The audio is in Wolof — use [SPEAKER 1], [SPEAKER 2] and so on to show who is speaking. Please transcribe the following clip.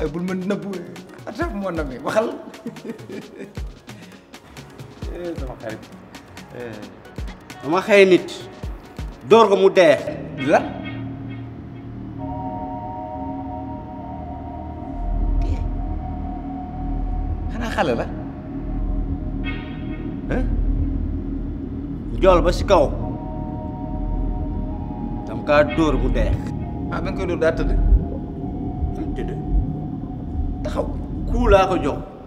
[SPEAKER 1] waaye
[SPEAKER 2] bul ma nëbbu atef mo waxal
[SPEAKER 1] eh, eh, dama xey nit
[SPEAKER 3] pas mu dee lan
[SPEAKER 4] xanaa xale la
[SPEAKER 5] eh? ba si kaw dam kaa dóor un ah, nga koy dóor Tu tëdd am tëdd taxaw ku laa ko jox